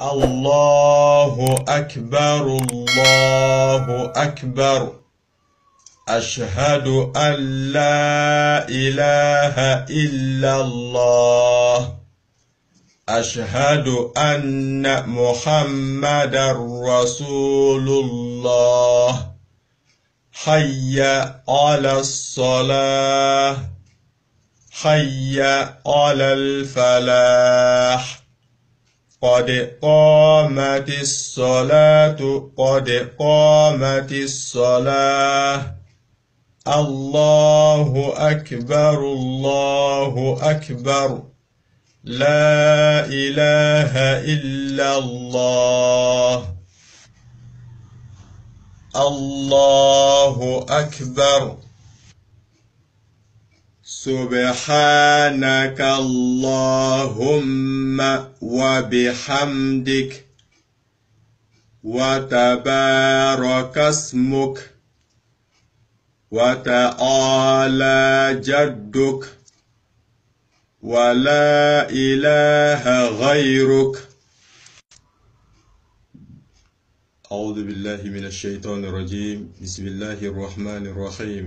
الله أكبر الله أكبر أشهد أن لا إله إلا الله أشهد أن محمدا رسول الله حي على الصلاة حي على الفلاح قد قامت الصلاة قد قامت الصلاة الله أكبر الله أكبر لا إله إلا الله الله أكبر سبحانك اللهم وبحمدك وتبارك اسمك وتعالى جدك ولا إله غيرك أعوذ بالله من الشيطان الرجيم بسم الله الرحمن الرحيم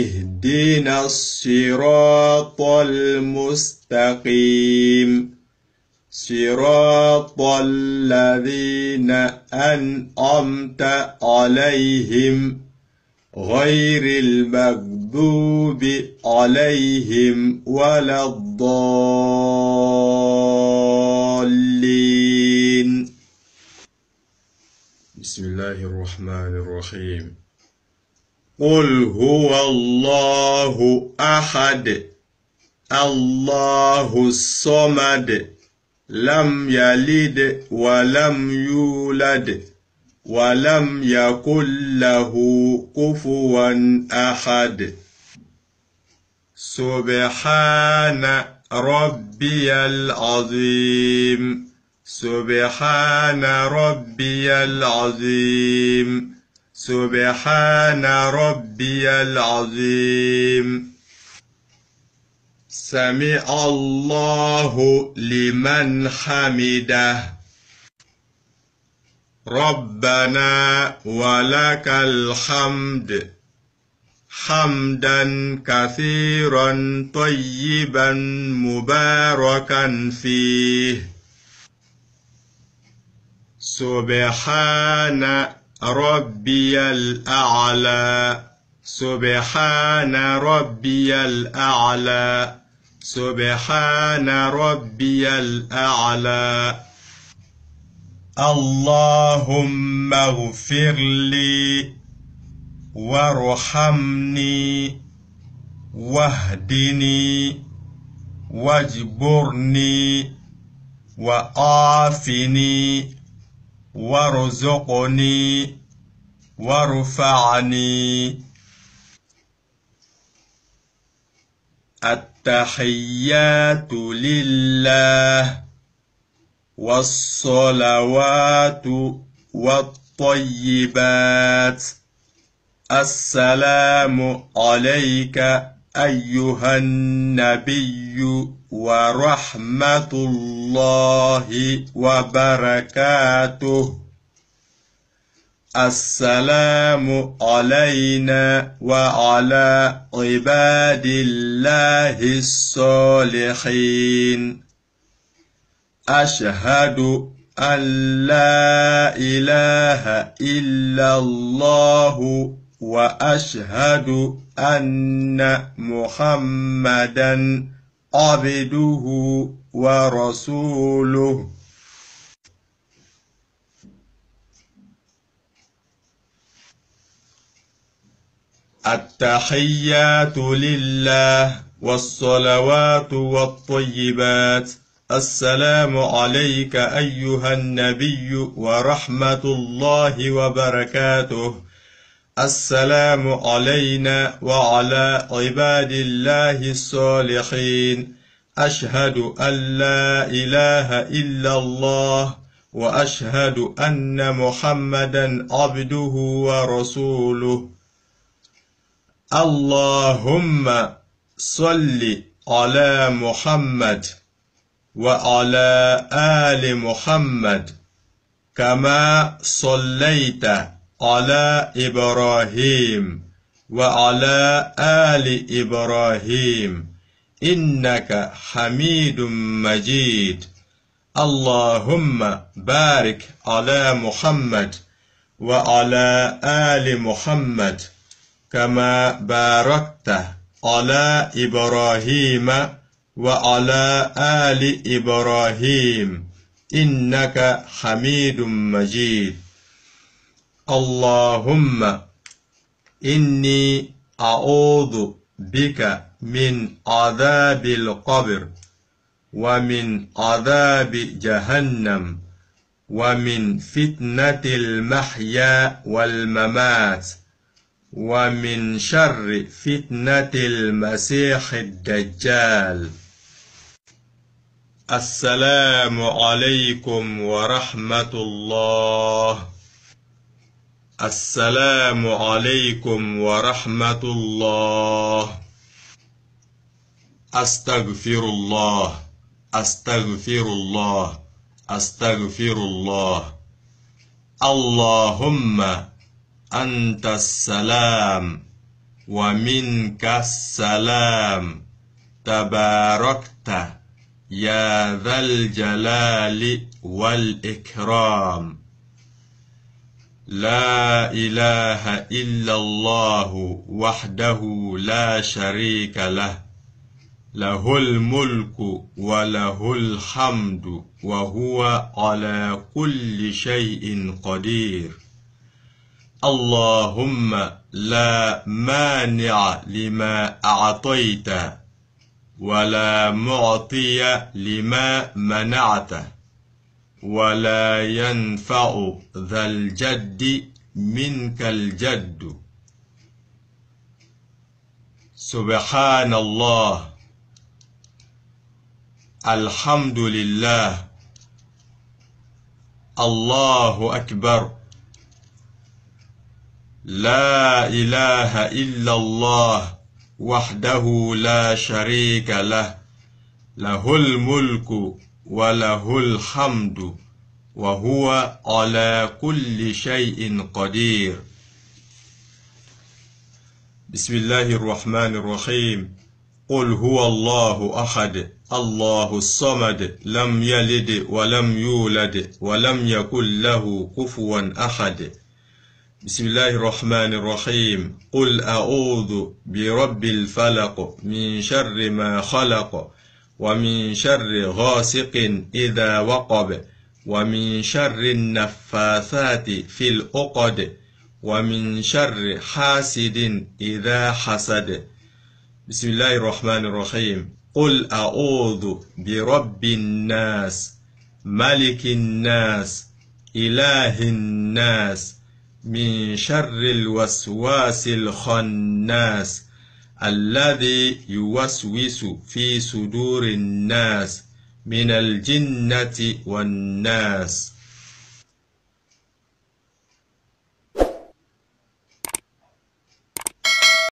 اهدنا الصراط المستقيم صراط الذين أنعمت عليهم غير المغضوب عليهم ولا الضالين بسم الله الرحمن الرحيم قل هو الله أحد الله الصمد لم يلد ولم يولد ولم يكن له كفوا أحد سبحان ربي العظيم سبحان ربي العظيم سبحان ربي العظيم سمع الله لمن حمده ربنا ولك الحمد حمدا كثيرا طيبا مباركا فيه سبحان ربي الأعلى سبحان ربي الأعلى سبحان ربي الأعلى اللهم اغفر لي وارحمني واهدني واجبرني وآفني وارزقني وارفعني التحيات لله والصلوات والطيبات السلام عليك أيها النبي ورحمة الله وبركاته السلام علينا وعلى عباد الله الصالحين أشهد أن لا إله إلا الله وأشهد أن محمدا عبده ورسوله التحيات لله والصلوات والطيبات السلام عليك أيها النبي ورحمة الله وبركاته السلام علينا وعلى عباد الله الصالحين أشهد أن لا إله إلا الله وأشهد أن محمدا عبده ورسوله اللهم صل على محمد وعلى آل محمد كما صليت على إبراهيم وعلى آل إبراهيم إنك حميد مجيد اللهم بارك على محمد وعلى آل محمد كما باركت على إبراهيم وعلى آل إبراهيم إنك حميد مجيد اللهم إني أعوذ بك من عذاب القبر ومن عذاب جهنم ومن فتنة المحيا والممات ومن شر فتنة المسيح الدجال السلام عليكم ورحمة الله السلام عليكم ورحمة الله أستغفر الله أستغفر الله أستغفر الله اللهم أنت السلام ومنك السلام تباركت يا ذا الجلال والإكرام لا إله إلا الله وحده لا شريك له له الملك وله الحمد وهو على كل شيء قدير اللهم لا مانع لما أعطيت ولا معطي لما منعته ولا ينفع ذا الجد منك الجد سبحان الله الحمد لله الله أكبر لا إله إلا الله وحده لا شريك له له الملك وله الحمد وهو على كل شيء قدير بسم الله الرحمن الرحيم قل هو الله أحد الله الصمد لم يلد ولم يولد ولم يكن له كفوا أحد بسم الله الرحمن الرحيم قل أعوذ برب الفلق من شر ما خلق ومن شر غاسق إذا وقب ومن شر النفاثات في الأقد ومن شر حاسد إذا حسد بسم الله الرحمن الرحيم قل أعوذ برب الناس ملك الناس إله الناس من شر الوسواس الخناس الذي يوسوس في صدور الناس من الجنة والناس